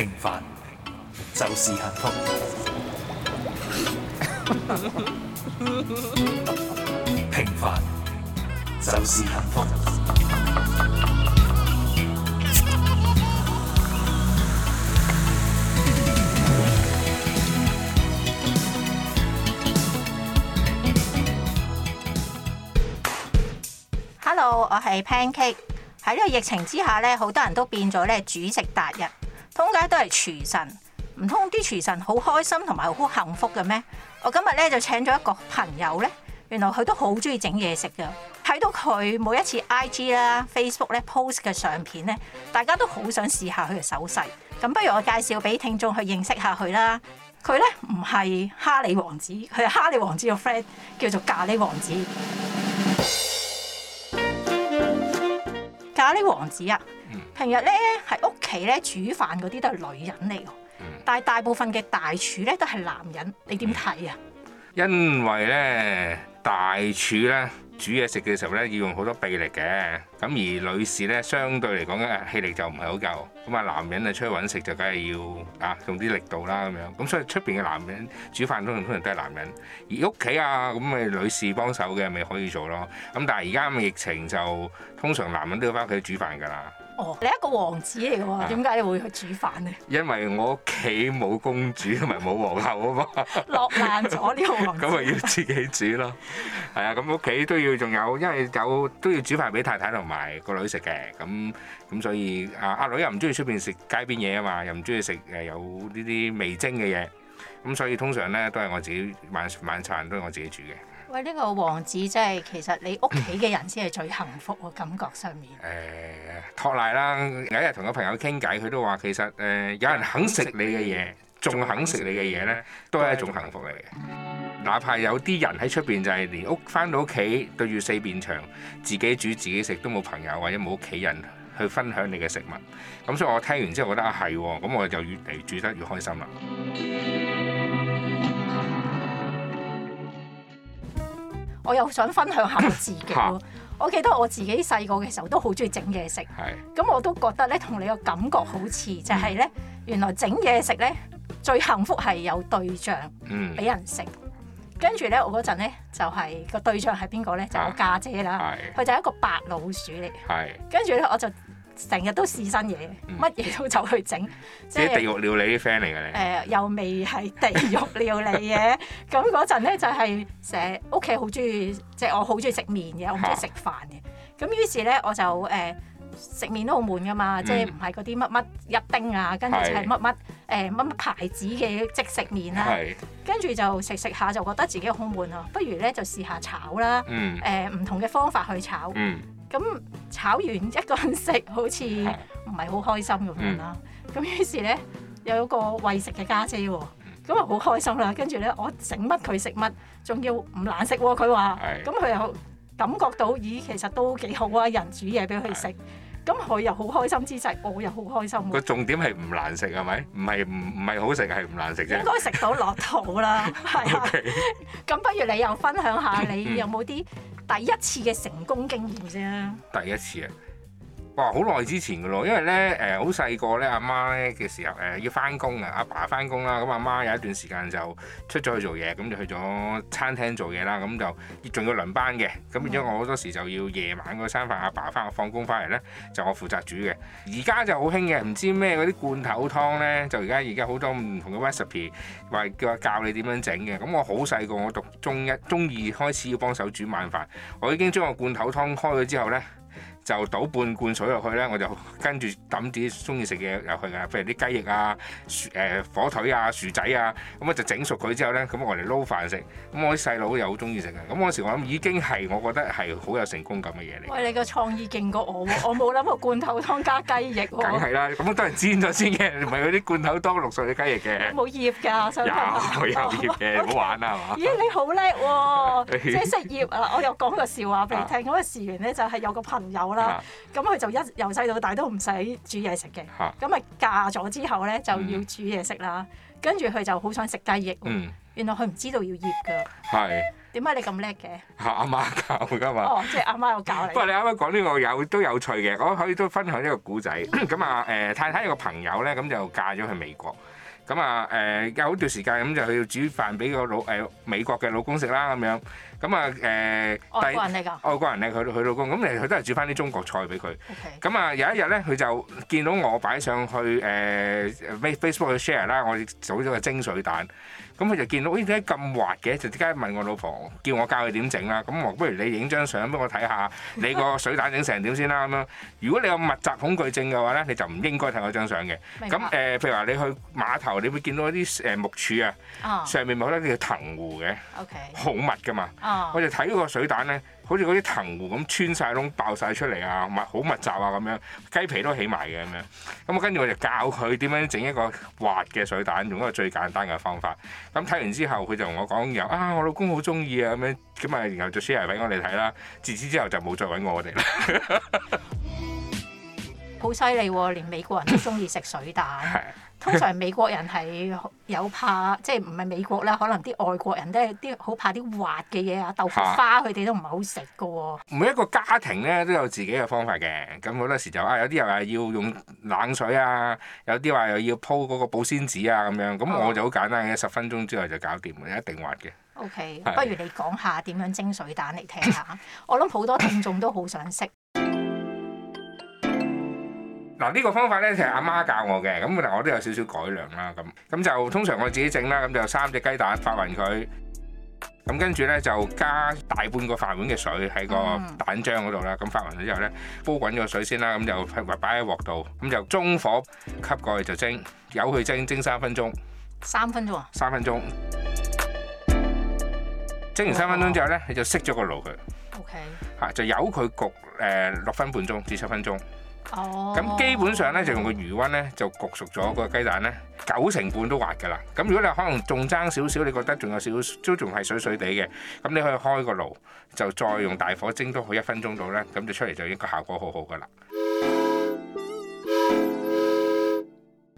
平凡就是幸福。 平凡就是幸福。Hello，我係 Pancake。喺呢個疫情之下呢，好多人都變咗咧煮食達人。點解都係廚神？唔通啲廚神好開心同埋好幸福嘅咩？我今日咧就請咗一個朋友咧，原來佢都好中意整嘢食㗎。睇到佢每一次 IG 啦、Facebook 咧 post 嘅相片咧，大家都好想試下佢嘅手勢。咁不如我介紹俾聽眾去認識下佢啦。佢咧唔係哈利王子，佢係哈利王子個 friend，叫做咖喱王子。咖喱王子啊！平日咧喺屋企咧煮飯嗰啲都係女人嚟㗎，嗯、但係大部分嘅大廚咧都係男人。你點睇啊？因為咧大廚咧煮嘢食嘅時候咧要用好多臂力嘅，咁而女士咧相對嚟講嘅氣力就唔係好夠。咁啊，男人啊出去搵食就梗係要啊用啲力度啦，咁樣咁所以出邊嘅男人煮飯都通常都係男人，而屋企啊咁咪女士幫手嘅咪可以做咯。咁但係而家咁嘅疫情就通常男人都要返屋企煮飯㗎啦。你一個王子嚟嘅喎，點解你會去煮飯呢？因為我屋企冇公主同埋冇皇后啊嘛， 落難咗呢個王咁咪 要自己煮咯，係 啊，咁屋企都要仲有，因為有都要煮飯俾太太同埋個女食嘅，咁咁所以啊阿女又唔中意出邊食街邊嘢啊嘛，又唔中意食誒有呢啲味精嘅嘢，咁所以通常咧都係我自己晚晚餐都係我自己煮嘅。喂，呢、這個王子真係其實你屋企嘅人先係最幸福嘅感覺上面。誒、欸，托賴啦！有一日同個朋友傾偈，佢都話其實誒，有人肯食你嘅嘢，仲肯食你嘅嘢咧，都係一種幸福嚟嘅。哪怕有啲人喺出邊就係連屋返到屋企對住四邊牆，自己煮自己食都冇朋友或者冇屋企人去分享你嘅食物。咁所以我聽完之後，我覺得啊係，咁我就越嚟煮得越開心啦。我又想分享下我自己咯， 我記得我自己細個嘅時候都好中意整嘢食，咁是我都覺得咧同你個感覺好似，就係、是、咧原來整嘢食咧，最幸福係有對象，俾人食。跟住咧我嗰陣咧就係、是、個對象係邊個咧就是、我家姐、姐啦，佢、啊、就係一個白老鼠嚟，跟住咧我就。成日都試新嘢，乜嘢都走去整。嗯、即係地獄料理啲 friend 嚟嘅你。誒、呃，又未係地獄料理嘅。咁嗰陣咧就係成屋企好中意，即係我好中意食麵嘅，我唔中意食飯嘅。咁、啊、於是咧我就誒、呃、食麵都好悶噶嘛，嗯、即係唔係嗰啲乜乜一丁啊，跟住就係乜乜誒乜乜牌子嘅即食麵啦、啊。是跟住就食食下就覺得自己好悶囉，不如咧就試下炒啦。誒唔、呃、同嘅方法去炒。嗯嗯咁炒完一個人食好似唔係好開心咁樣啦，咁、嗯、於是咧有個餵食嘅家姐喎，咁啊好開心啦，跟住咧我整乜佢食乜，仲要唔難食喎、啊，佢話，咁佢是 又感覺到，咦其實都幾好啊，人煮嘢俾佢食，咁佢是 又好開心之際，我又好開心。個重點係唔難食係咪？唔係唔唔係好食係唔難食啫。應該食到落肚啦，係啊 Okay。咁不如你又分享下，你有冇啲？第一次嘅成功經驗啫。第一次啊！哇！好耐之前噶咯，因為咧誒好細個咧，阿媽咧嘅時候誒、呃、要翻工啊，阿爸翻工啦，咁阿媽有一段時間就出咗去做嘢，咁就去咗餐廳做嘢啦，咁就仲要輪班嘅。咁變咗我好多時就要夜晚嗰餐飯，阿爸翻我放工翻嚟咧，就我負責煮嘅。而家就好興嘅，唔知咩嗰啲罐頭湯咧，就而家而家好多唔同嘅 recipe，話叫話教你點樣整嘅。咁我好細個，我讀中一中二開始要幫手煮晚飯，我已經將個罐頭湯開咗之後咧。就倒半罐水落去咧，我就跟住揼啲中意食嘅嘢入去噶，譬如啲雞翼啊、誒、呃、火腿啊、薯仔啊，咁啊就整熟佢之後咧，咁我嚟撈飯食。咁我啲細佬又好中意食嘅。咁嗰時我諗已經係我覺得係好有成功感嘅嘢嚟。喂，你個創意勁過我喎，我冇諗過罐頭湯加雞翼喎、啊。梗係啦，咁都係煎咗先嘅，唔係嗰啲罐頭湯淥熟啲雞翼嘅。冇醃㗎，細佬。有有醃嘅，好 玩啦，係嘛？咦！你好叻喎、哦，識 食醃啊！我又講個笑話俾你聽。咁啊，事緣咧就係有個朋友。啦，咁佢、啊、就一由細到大都唔使煮嘢食嘅，咁咪、啊、嫁咗之後咧就要煮嘢食啦。嗯、跟住佢就好想食雞翼，嗯、原來佢唔知道要醃㗎。係你，點解你咁叻嘅？阿媽、啊、教噶嘛？ 哦，即係阿媽有教你。不過你啱啱講呢個有都有趣嘅，我可以都分享呢個古仔。咁啊， 誒、呃、太太有個朋友咧，咁就嫁咗去美國，咁啊，誒、呃呃、有一段時間咁就要去煮飯俾個老誒美國嘅老公食啦，咁樣。咁啊誒，嗯、外國人嚟㗎。外國人咧，佢、佢老公，咁誒佢都係煮翻啲中國菜俾佢。咁啊 Okay. 有一日咧，佢就見到我擺上去誒、呃、，Facebook 去 share 啦。我哋做咗個蒸水蛋，咁佢就見到，咦點解咁滑嘅？就即刻問我老婆，叫我教佢點整啦。咁我，不如你影張相俾我睇下，你個水蛋整成點先啦咁樣。 如果你有密集恐懼症嘅話咧，你就唔應該睇我張相嘅。咁誒白，譬、呃、如話你去碼頭，你會見到一啲誒木柱啊，上面咪有啲叫藤壺嘅，Okay. 好密㗎嘛。我就睇嗰個水蛋咧，好似嗰啲藤壺咁穿晒窿爆晒出嚟啊，密好密集啊咁樣，雞皮都起埋嘅咁樣。咁我跟住我就教佢點樣整一個滑嘅水蛋，用一個最簡單嘅方法。咁睇完之後，佢就同我講：有啊，我老公好中意啊咁樣。咁啊，然後就 share 俾我哋睇啦。自此之後就冇再揾過我哋啦。好犀利喎！連美國人都中意食水蛋。 通常美國人係有怕，即係唔係美國啦？可能啲外國人都係啲好怕啲滑嘅嘢啊，豆腐花佢哋、啊、都唔係好食㗎喎。每一個家庭咧都有自己嘅方法嘅，咁好多時就啊有啲又話要用冷水啊，有啲話又要鋪嗰個保鮮紙啊咁樣。咁我就好簡單嘅，十、哦、分鐘之後就搞掂，一定滑嘅。O Okay , K，是不如你講下點樣蒸水蛋嚟聽下？ 我諗好多聽眾都好想食。嗱呢個方法咧其實阿媽教我嘅，咁但我都有少少改良啦，咁咁就通常我自己整啦，咁就三隻雞蛋發勻佢，咁跟住咧就加大半個飯碗嘅水喺個蛋漿嗰度啦，咁發勻咗之後咧，煲滾咗水先啦，咁就擺喺鑊度，咁就中火蓋過去就蒸，由佢蒸蒸三分鐘，三分鐘，三分鐘，蒸完三分鐘之後咧、哦、你就熄咗個爐佢，OK，吓就由佢焗誒六分半鐘至七分鐘。哦，咁基本上咧就用個餘溫咧就焗熟咗個雞蛋咧，嗯、九成半都滑噶啦。咁如果你可能仲爭少少，你覺得仲有少少，都仲係水水地嘅，咁你可以開個爐，就再用大火蒸多佢一分鐘到咧，咁就出嚟就應該效果好好噶啦。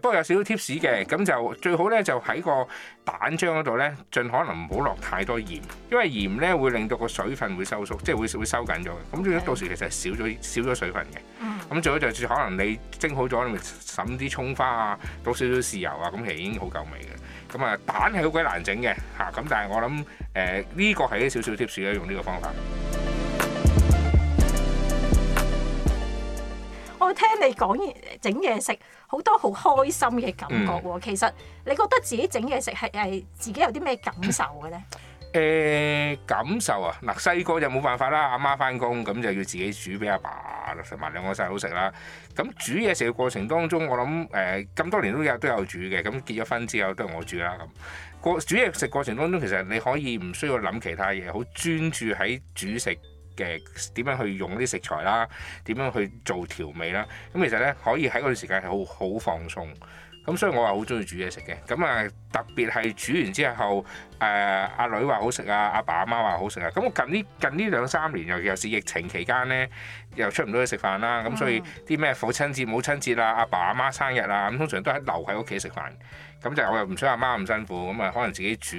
不過有少少 tips 嘅，咁就最好咧就喺個蛋漿嗰度咧，盡可能唔好落太多鹽，因為鹽咧會令到個水分會收縮，即係會會收緊咗嘅。咁到時其實少咗少咗水分嘅。咁、嗯、最好就係、可能你蒸好咗，你咪揼啲葱花啊，倒少少豉油啊，咁其實已經好夠味嘅。咁、嗯、啊，蛋係好鬼難整嘅嚇，咁但係我諗誒呢個係一少少 tips 咧，用呢個方法。我聽你講完整嘢食，好多好開心嘅感覺喎。嗯、其實你覺得自己整嘢食係係自己有啲咩感受嘅咧？誒、嗯、感受啊！嗱、啊，細個就冇辦法啦，阿媽翻工，咁就要自己煮俾阿爸食埋兩個細佬食啦。咁煮嘢食嘅過程當中，我諗誒咁多年都有都有煮嘅。咁結咗婚之後都係我煮啦。咁過煮嘢食過程當中，其實你可以唔需要諗其他嘢，好專注喺煮食。嘅點樣去用啲食材啦，點樣去做調味啦。咁其實咧可以喺嗰段時間係好好放鬆。咁所以我話好中意煮嘢食嘅。咁啊特別係煮完之後，誒、呃、阿女話好食啊，阿爸阿媽話好食啊。咁我近呢近呢兩三年，尤其是疫情期間咧，又出唔到去食飯啦。咁所以啲咩父親節、母親節啊，阿爸阿媽，媽生日啊，咁通常都係留喺屋企食飯。咁就我又唔想阿媽咁辛苦，咁啊可能自己煮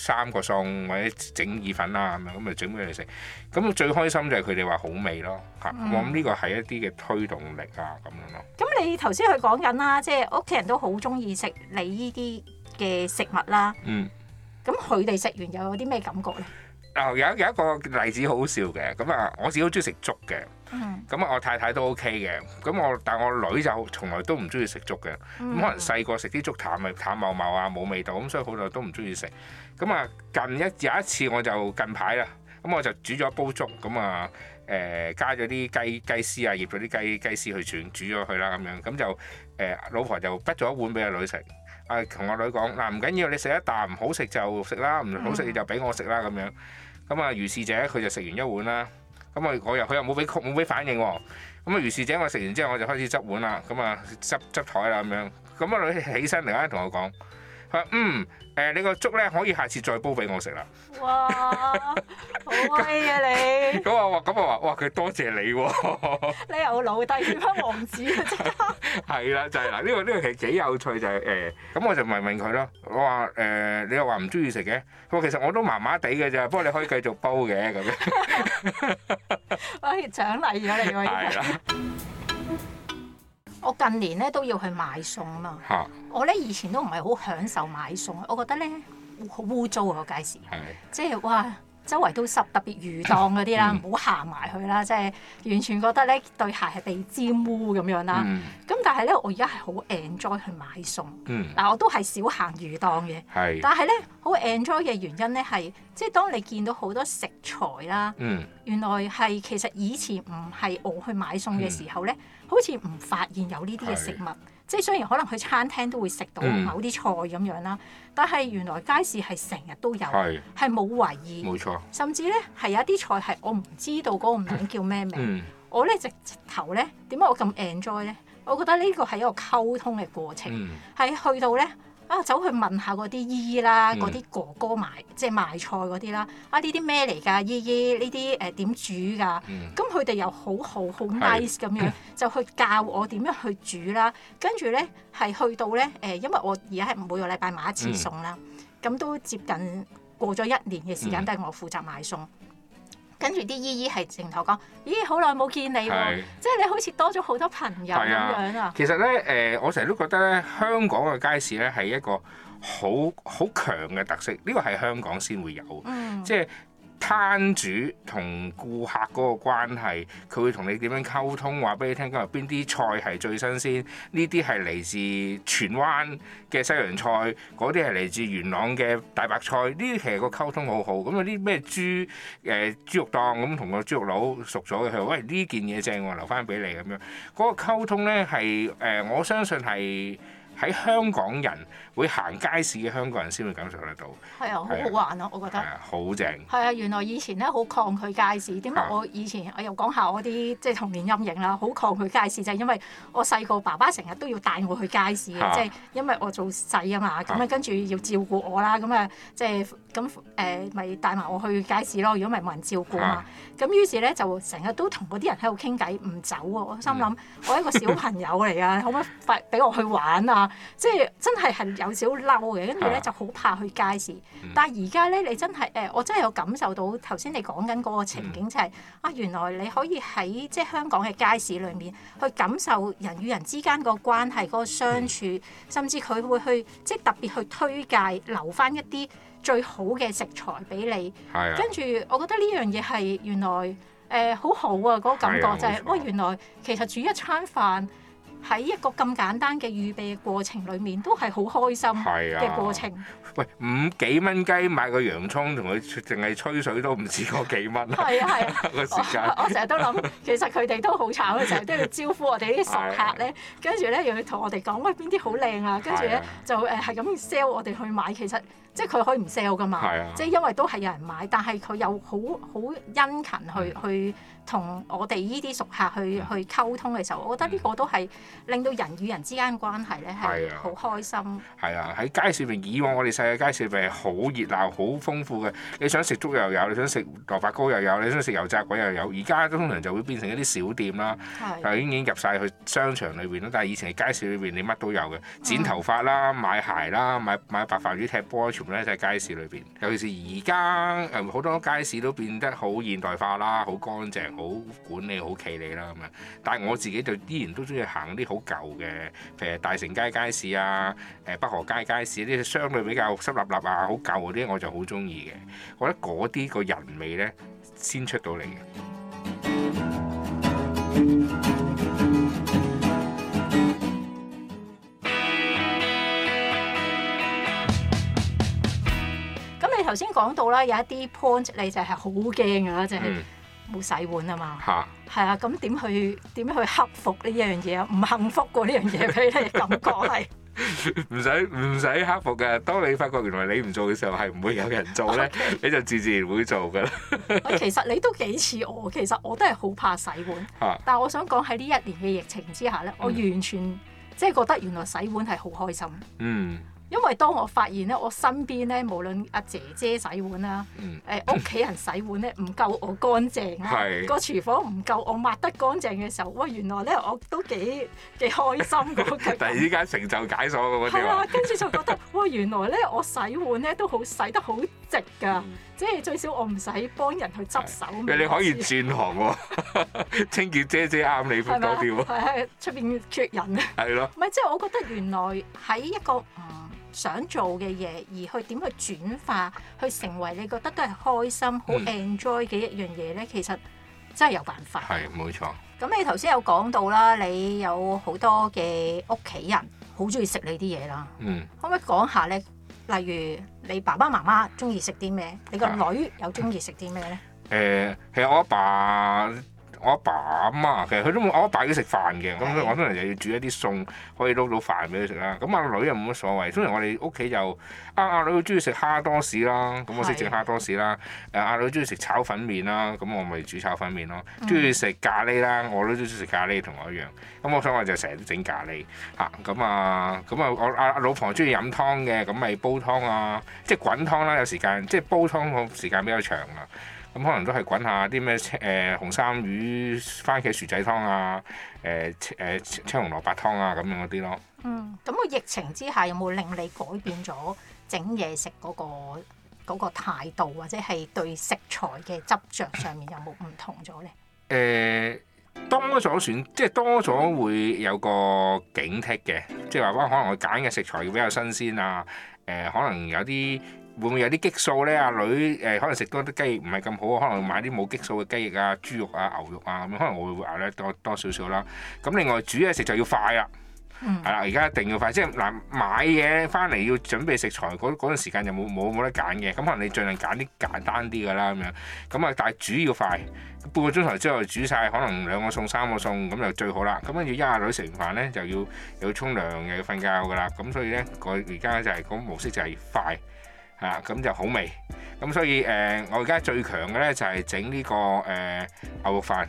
三個餸或者整意粉啦咁樣，咁啊整俾佢食。咁最開心就係佢哋話好味咯，嚇、嗯！我諗呢個係一啲嘅推動力啊，咁樣咯。咁你頭先去講緊啦，即係屋企人都好中意食你呢啲嘅食物啦。嗯。咁佢哋食完又有啲咩感覺咧？有有一個例子好好笑嘅，咁啊，我自己好中意食粥嘅，咁啊、mm. 我太太都 OK 嘅，咁我但我女就從來都唔中意食粥嘅，咁可能細個食啲粥淡咪淡茂茂啊，冇味道，咁所以好耐都唔中意食。咁啊近一有一次我就近排啦，咁我就煮咗煲粥，咁啊誒加咗啲雞雞絲啊，醃咗啲雞雞絲去煮煮咗佢啦咁樣，咁就誒、呃、老婆就逼咗一碗俾阿女食，啊同阿女講，嗱唔緊要，你食一啖，唔好食就食啦，唔好食你就俾我食啦咁樣。咁啊，如是者佢就食完一碗啦。咁啊，我又佢又冇俾冇俾反應喎。咁啊，如是者我食完之後我就開始執碗啦。咁啊，執執台啦咁樣。咁啊，佢起身突然間同我講。嗯，誒、呃、你個粥咧可以下次再煲俾我食啦、啊。哇，好威啊你！咁我話，咁我話，哇佢多謝你喎、哦。 你又老隸翻王子啊！真係。係啦，就係、是、嗱，呢、這個呢、這個其實幾有趣，就係、是、誒，咁、呃、我就問問佢咯。我話誒，你又話唔中意食嘅？佢話其實我都麻麻地嘅咋，不過你可以繼續煲嘅咁樣。。 我可以獎勵咗你喎。 的 我近年咧都要去買餸嘛，我咧以前都唔係好享受買餸，我覺得咧好污糟個街市，即係哇，周圍都濕，特別魚檔嗰啲啦，唔好行埋去啦，即係完全覺得咧對鞋係被沾污咁樣啦。咁但係咧，我而家係好 enjoy 去買餸，嗱我都係少行魚檔嘅，但係咧好 enjoy 嘅原因咧係，即係當你見到好多食材啦，原來係其實以前唔係我去買餸嘅時候咧。好似唔發現有呢啲嘅食物，是即係雖然可能去餐廳都會食到某啲菜咁樣啦，但係原來街市係成日都有，係冇是懷疑，冇錯。甚至呢，係有一啲菜係我唔知道嗰個名叫咩名，嗯、我呢直頭呢點解我咁 enjoy 呢？我覺得呢個係一個溝通嘅過程，係、嗯、去到呢。啊！走去問下嗰啲姨姨啦，嗰啲、嗯、哥哥賣即係賣菜嗰啲啦。啊！呢啲咩嚟㗎？姨姨呢啲誒點煮㗎？咁佢哋又好好好 nice 咁樣，嗯、就去教我點樣去煮啦。跟住咧係去到咧誒、呃，因為我而家係每個禮拜買一次餸啦，咁、嗯嗯、都接近過咗一年嘅時間都係我負責買餸。嗯嗯跟住啲姨姨係直頭講，咦，好耐冇見你喎、啊，的即係你好似多咗好多朋友咁的樣啊！其實咧，誒、呃、我成日都覺得咧，香港嘅街市咧係一個好好強嘅特色，呢、這個係香港先會有，嗯、即係。餐主同顧客嗰個關係，佢會同你點樣溝通，話俾你聽，今日邊啲菜係最新鮮，呢啲係嚟自荃灣嘅西洋菜，嗰啲係嚟自元朗嘅大白菜。呢啲其實個溝通好好咁啊！啲咩豬誒、呃、豬肉檔咁同個豬肉佬熟咗嘅，佢話：喂呢件嘢正，我留翻俾你咁樣。嗰、嗰個溝通呢係誒，我相信係。喺香港人會行街市嘅香港人先會感受得到。係啊，好好玩啊！我覺得好正。係啊，原來以前咧好抗拒街市。點解我以前我又講下我啲即係童年陰影啦？好抗拒街市就係因為我細個爸爸成日都要帶我去街市嘅，即係因為我做細啊嘛。咁啊，跟住要照顧我啦，咁啊，即係咁誒咪帶埋我去街市咯。如果咪冇人照顧啊嘛，咁於是咧就成日都同嗰啲人喺度傾偈，唔走啊！我心諗我一個小朋友嚟啊，可唔可以快俾我去玩啊？ 即係真係係有少少嬲嘅，跟住咧就好怕去街市。嗯、但係而家咧，你真係誒、呃，我真係有感受到頭先你講緊嗰個情景就係、是、啊，原來你可以喺即係香港嘅街市裏面去感受人與人之間個關係、嗰、嗰個相處，嗯、甚至佢會去即係特別去推介留翻一啲最好嘅食材俾你。嗯、跟住我覺得呢樣嘢係原來誒、呃、好好啊，嗰、嗰個感覺就係、是、喂，嗯嗯、原來其實煮一餐飯。喺一個咁簡單嘅預備嘅過程裡面，都係好開心嘅過程、啊。喂，五幾蚊雞買個洋葱，同佢淨係吹水都唔止嗰幾蚊。係啊係啊，啊 我成日都諗，其實佢哋都好慘，成日都要招呼我哋啲熟客咧，跟住咧又要同我哋講，喂，邊啲好靚啊，跟住咧就誒係咁 sell 我哋去買，其實。即係佢可以唔 sell 㗎嘛？啊、即係因為都係有人買，但係佢又好好殷勤去、嗯、去同我哋呢啲熟客去、嗯、去溝通嘅時候，我覺得呢個都係令到人與人之間嘅關係咧係好開心。係啊，喺、啊、街市入邊，以往我哋細個街市入邊係好熱鬧、好豐富嘅。你想食粥又有，你想食蘿蔔糕又有，你想食油炸鬼又有。而家通常就會變成一啲小店啦，又、啊、已經入晒去商場裏邊啦。但係以前喺街市裏邊，你乜都有嘅，剪頭髮啦、買鞋啦、買買白飯魚、踢波。咧就係街市裏邊，尤其是而家誒好多街市都變得好現代化啦，好乾淨，好管理，好企理啦咁樣。但係我自己就依然都中意行啲好舊嘅，譬如大成街街市啊，誒北河街街市啲相對比較濕立立啊，好舊嗰啲我就好中意嘅。我覺得嗰啲個人味咧先出到嚟嘅。 頭先講到啦，有一啲 point 你就係好驚噶啦，就係、是、冇洗碗啊嘛。嚇、嗯，係啊，咁點去點樣去克服呢一樣嘢？唔幸福過呢樣嘢俾你感覺係？唔使唔使克服嘅。當你發覺原來你唔做嘅時候，係唔會有人做咧， Okay. 你就自自然會做噶啦。 其實你都幾似我，其實我都係好怕洗碗。啊、但係我想講喺呢一年嘅疫情之下咧，嗯、我完全即係覺得原來洗碗係好開心。嗯。因為當我發現咧，我身邊咧，無論阿姐姐洗碗啦，誒屋企人洗碗咧，唔夠我乾淨啦，個廚房唔夠我抹得乾淨嘅時候，哇！原來咧我都幾幾開心嗰個。突然之間成就解鎖咁樣。係啊，跟住就覺得哇！原來咧我洗碗咧都好洗得好值㗎，即係最少我唔使幫人去執手。你可以轉行喎、啊，清潔姐姐啱你邊多啲啊？係啊，出邊缺人啊？係咯。唔係，即係我覺得原來喺一個想做嘅嘢，而去點去轉化，去成為你覺得都係開心、好 enjoy 嘅一樣嘢呢？其實真係有辦法。係冇錯。咁你頭先有講到啦，你有好多嘅屋企人好中意食你啲嘢啦。嗯。可唔可以講下呢？例如你爸爸媽媽中意食啲咩？你個女又中意食啲咩呢？誒，係我阿爸、爸。我阿爸阿媽，媽其實佢都冇。我阿爸要食飯嘅咁，的我通常，常就要煮一啲餸可以撈到飯俾佢食啦。咁阿女又冇乜所謂。通常我哋屋企就，阿、啊、阿女中意食蝦多士啦，咁、嗯、的我識整蝦多士啦。誒、啊、阿女中意食炒粉麵啦，咁、嗯嗯啊、我咪煮炒粉麵咯。中意食咖喱啦，嗯、我都中意食咖喱同、啊、我一樣。咁我想話就成日都整咖喱吓。咁啊咁啊我阿阿老婆中意飲湯嘅，咁咪煲湯啊，即係滾湯啦。有時間即係煲湯個時間比較長啊。咁可能都係滾下啲咩，誒，紅衫魚、番茄薯仔湯啊、誒誒，青紅蘿蔔湯啊，咁樣嗰啲咯。嗯，咁、嗰個疫情之下有冇令你改變咗整嘢食嗰、嗰個嗰、嗰個、態度，或者係對食材嘅執着上面有冇唔同咗咧？誒、嗯，多咗選，即係多咗會有個警惕嘅，即係話可能我能揀嘅食材要比較新鮮啊，誒、呃，可能有啲。會唔會有啲激素咧？阿女誒、呃、可能食多啲雞翼唔係咁好，可能買啲冇激素嘅雞翼啊、豬肉啊、牛肉啊咁樣，可能我會捱咧多多少少啦。咁另外煮嘢食就要快啦，係啦、嗯，而家一定要快。即係嗱，買嘢翻嚟要準備食材嗰嗰陣時間就冇冇冇得揀嘅。咁可能你盡量揀啲簡單啲㗎啦咁樣。咁啊，但係煮要快，半個鐘頭之後煮晒，可能兩個餸三個餸咁就最好啦。咁跟住一阿女食完飯咧，就要又要沖涼又要瞓覺㗎啦。咁所以咧，我而家就係、係、嗰、嗰個、模式就係快。啊，咁就好味，咁所以誒、呃，我而家最強嘅咧就係整呢個誒、呃、牛肉飯，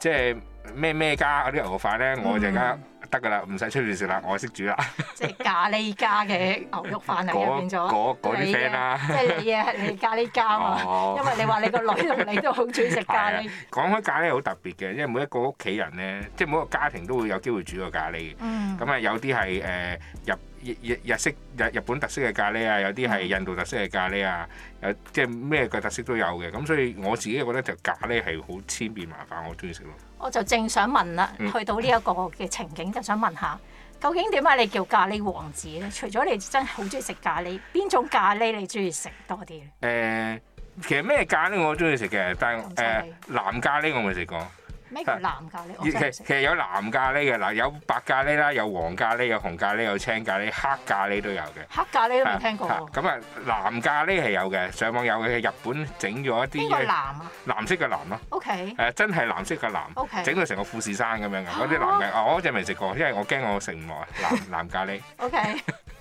即係咩咩加嗰啲牛肉飯咧，我就而家得噶啦，唔使、嗯、出去食啦，我識煮啦。即係咖喱加嘅牛肉飯嚟嘅，變咗。嗰啲 friend 啦，即係你啊，你咖喱加嘛，哦、因為你話你個女同你都好中意食咖喱，啊。講開咖喱好特別嘅，因為每一個屋企人咧，即係每一個家庭都會有機會煮個咖喱嘅。咁啊、嗯，有啲係誒入。日式日日本特色嘅咖喱啊，有啲係印度特色嘅咖喱啊，有即係咩嘅特色都有嘅，咁所以我自己覺得就咖喱係好千變萬化，我中意食咯。我就正想問啦，嗯、去到呢一個嘅情景就想問下，究竟點解你叫咖喱王子咧？除咗你真係好中意食咖喱，邊種咖喱你中意食多啲咧？誒、呃，其實咩咖喱我中意食嘅，但係誒藍咖喱我未食過。咩叫藍咖喱？其實有藍咖喱嘅，嗱有白咖喱啦，有黃咖喱，有紅咖喱，有青咖喱，黑咖喱都有嘅。黑咖喱都冇聽過喎。咁啊，藍咖喱係有嘅，上網有嘅，日本整咗一啲。邊個藍啊？藍色嘅藍咯。O K。誒，真係藍色嘅藍。整到 Okay? 成個富士山咁樣嘅嗰啲藍嘅，啊、我嗰隻未食過，因為我驚我食唔落藍 藍咖喱。O K。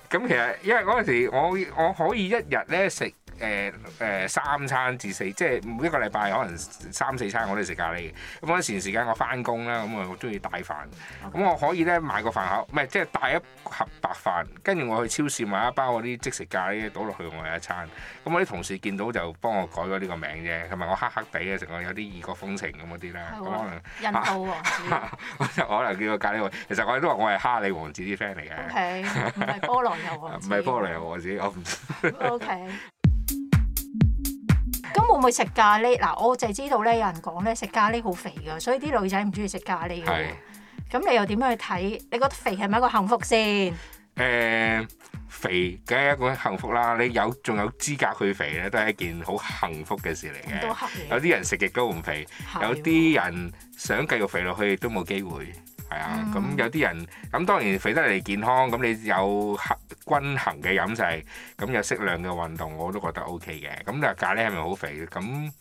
咁其實因為嗰陣時我我可以一日咧食。誒誒、呃呃、三餐至四，即係每一個禮拜可能三四餐我都食咖喱嘅。咁嗰陣時時間我翻工啦，咁我好中意帶飯，咁我可以咧買個飯盒，唔係即係帶一盒白飯，跟住我去超市買一包嗰啲即食咖喱，倒落去我係一餐。咁我啲同事見到就幫我改咗呢個名啫，同埋我黑黑地嘅成個有啲異國風情咁嗰啲啦。咁的可能印度王子， 我可能叫做咖喱王。其實我哋都話我係哈利王子啲 friend 嚟嘅。OK，唔係菠蘿油王子唔係菠蘿油王子，我唔 O K。 okay. 咁會唔會食咖喱？嗱，我淨係知道咧，有人講咧，食咖喱好肥噶，所以啲女仔唔中意食咖喱。咁係你又點樣去睇？你覺得肥係咪一個幸福先？誒、欸，肥梗係一個幸福啦。你有仲有資格去肥咧，都係一件好幸福嘅事嚟嘅。有啲人食極都唔肥，的有啲人想繼續肥落去都冇機會。係啊，咁有啲人咁當然肥得嚟健康，咁你有均衡嘅飲食，咁有適量嘅運動，我都覺得 O K 嘅。咁但係咖喱係咪好肥嘅？咁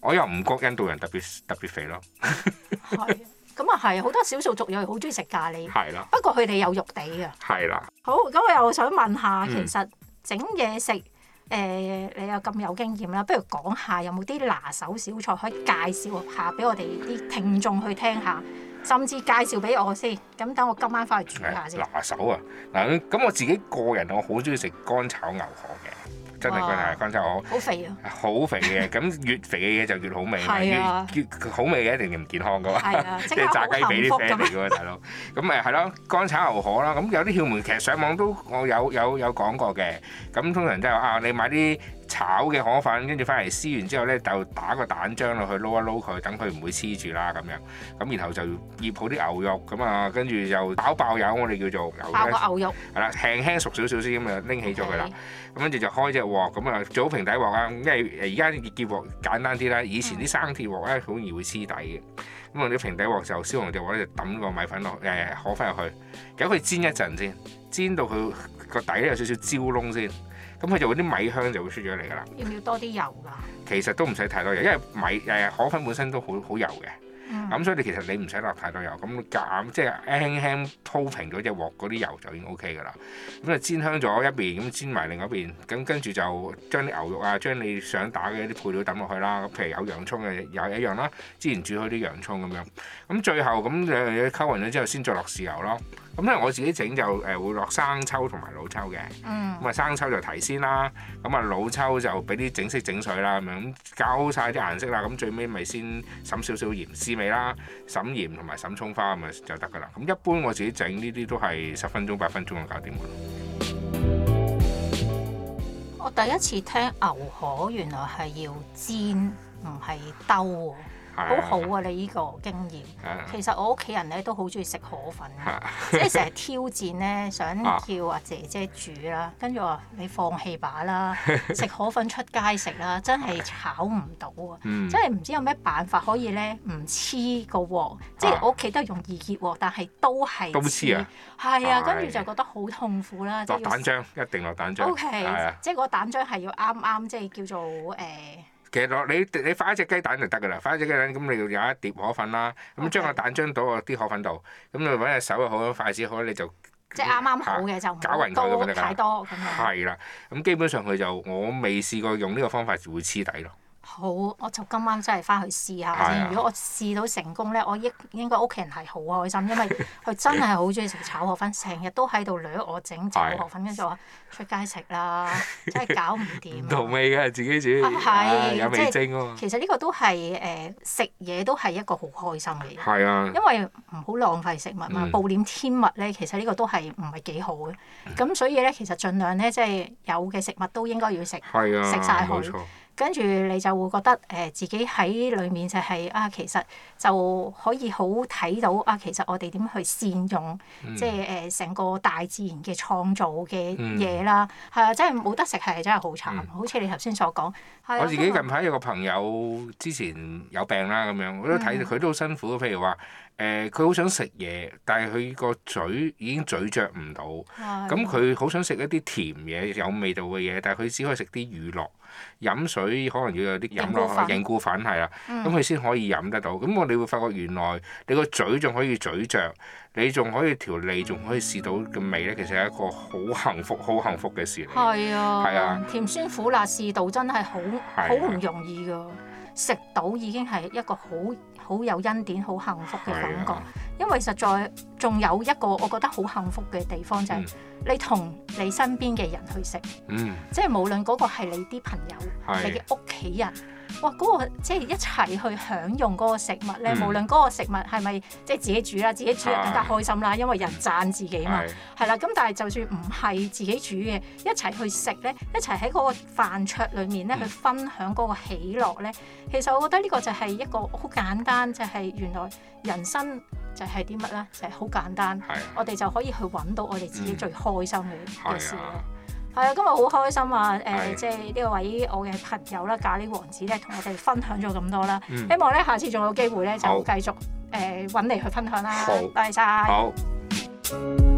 我又唔覺印度人特別特別肥咯。係 咁啊係好多少數族裔好中意食咖喱。係啦的。不過佢哋有肉地㗎。係啦的。好，咁我又想問下，其實整嘢食誒，你又咁有經驗啦，不如講下有冇啲拿手小菜可以介紹下俾我哋啲聽眾去聽下。甚至介紹俾我先，咁等我今晚翻去煮下先。拿手啊，嗱，咁我自己個人我好中意食乾炒牛河嘅，真係乾炒牛河。好肥啊！好肥嘅，咁 越肥嘅嘢就越好味。係是啊越，越好味嘅一定唔健康噶嘛，即係、啊、 炸雞髀啲 friend 嚟噶喎，大佬。咁咪係咯，乾炒牛河啦，咁有啲竅門，其實上網都我有有有講過嘅。咁通常即係啊，你買啲。炒嘅河粉，跟住翻嚟撕完之後咧，就打個蛋漿落去撈一撈佢，等佢唔會黐住啦咁樣。咁然後就醃好啲牛肉，咁啊，跟住就爆爆油，我哋叫做爆個牛肉。係啦，輕輕熟少少先咁就拎起咗佢啦。咁跟住就開隻鑊，咁啊，做好平底鑊啊，因為而家啲鐵鑊簡單啲啦。以前啲生鐵鑊咧，好易會黐底嘅。咁啊，啲平底鑊就燒紅隻鑊就揼個米粉落，誒河粉入去，咁佢煎一陣先，煎到佢個底有少少焦燶先。咁佢就嗰啲米香就會出咗嚟㗎啦。要唔要多啲油㗎、啊？其實都唔使太多油，因為米、河粉本身都好好油嘅。咁、嗯嗯、所以你其實你唔使落太多油。咁夾硬即係輕輕鋪平咗隻鑊嗰啲油就已經 O K 㗎啦。咁啊煎香咗一邊，咁煎埋另一邊。咁跟住就將啲牛肉啊，將你想打嘅啲配料抌落去啦。咁譬如有洋葱嘅又一樣啦。之前煮開啲洋葱咁樣。咁最後咁誒溝勻咗之後，先再落豉油咯。咁咧、嗯、我自己整就誒會落生抽同埋老抽嘅，咁啊生抽就提鮮啦，咁啊老抽就俾啲整色整水啦，咁攪搞晒啲顏色啦，咁最尾咪先滲少少鹽，絲味啦，滲鹽同埋滲葱花咁啊就得噶啦。咁一般我自己整呢啲都係十分鐘八分鐘就搞掂。我第一次聽牛河原來係要煎，唔係兜。好 好啊！你呢個經驗，其實我屋企人咧都好中意食河粉 即係成日挑戰咧，想叫阿姐姐煮啦，跟住話你放棄吧啦，食河粉出街食啦，真係炒唔到啊！ 嗯、真係唔知有咩辦法可以咧唔黐個鑊，即係我屋企都容易結鑊，但係都係黐啊！係啊，跟住就覺得好痛苦啦！落即要蛋漿一定落蛋漿，OK，、啊、即係個蛋漿係要啱啱即係叫做誒。欸其實落你你發一隻雞蛋就得噶啦，發一隻雞蛋咁你又有一碟河粉啦，咁將個蛋漿倒個啲河粉度，咁你揾隻手又好，筷子好，你就即係啱啱好嘅就搞、啊、匀佢，咁好多太多咁樣。係啦，咁基本上佢就我未試過用呢個方法就會黐底咯。好，我就今晚真係返去試下先。如果我試到成功咧，我應應該屋企人係好開心，因為佢真係好鍾意食炒河粉，成日都喺度掠我整炒河粉，跟住我話出街食啦，真係搞唔掂。 同味嘅自己煮、啊啊，有味精、啊、即其實呢個都係誒、呃、食嘢都係一個好開心嘅嘢。啊、因為唔好浪費食物嘛，暴殄天物咧，其實呢個都係唔係幾好嘅。咁、嗯、所以咧，其實盡量咧，即係有嘅食物都應該要食，食晒佢，跟住你就會覺得誒、呃、自己喺裏面就係、是、啊，其實就可以好睇到啊，其實我哋點去善用，嗯、即係誒成個大自然嘅創造嘅嘢啦。係、嗯、啊，真係冇得食係真係、嗯、好慘。好似你頭先所講，我自己近排有個朋友之前有病啦咁樣，我都睇佢都好辛苦。譬如話誒，佢、呃、好想食嘢，但係佢個嘴已經咀嚼唔到。啊、嗯！咁佢好想食一啲甜嘢、有味道嘅嘢，但係佢只可以食啲乳酪。飲水可能要有啲飲落去，凝固粉，係啦，咁佢先可以飲得到。咁我哋會發覺原來你個嘴仲可以咀嚼，你仲可以條脷仲可以試到嘅味咧，其實係一個好幸福、好幸福嘅事嚟。係啊的，係啊的，甜酸苦辣試到真係好，好唔容易噶，食的到已經係一個好。好有恩典，好幸福嘅感覺，是啊、因為實在仲有一個我覺得好幸福嘅地方就係你同你身邊嘅人去食，嗯、即係無論嗰個係你啲朋友，是啊、你嘅屋企人。哇！嗰、嗰個即係一齊去享用嗰個食物咧，嗯、無論嗰個食物係咪即係自己煮啦，自己煮更加開心啦，唉 因為人讚自己嘛，係啦是。咁但係就算唔係自己煮嘅，一齊去食咧，一齊喺嗰個飯桌裏面咧、嗯、去分享嗰個喜樂咧，其實我覺得呢個就係一個好簡單，就係、是、原來人生就係啲乜啦，就係、是、好簡單。是的 我哋就可以去揾到我哋自己最開心嘅事、嗯。係啊。係啊，今日好開心啊！誒是、呃，即係呢個位我嘅朋友啦，咖哩王子咧，同我哋分享咗咁多啦，嗯、希望咧下次仲有機會咧好就繼續誒搵、呃、你去分享啦，好多謝謝曬。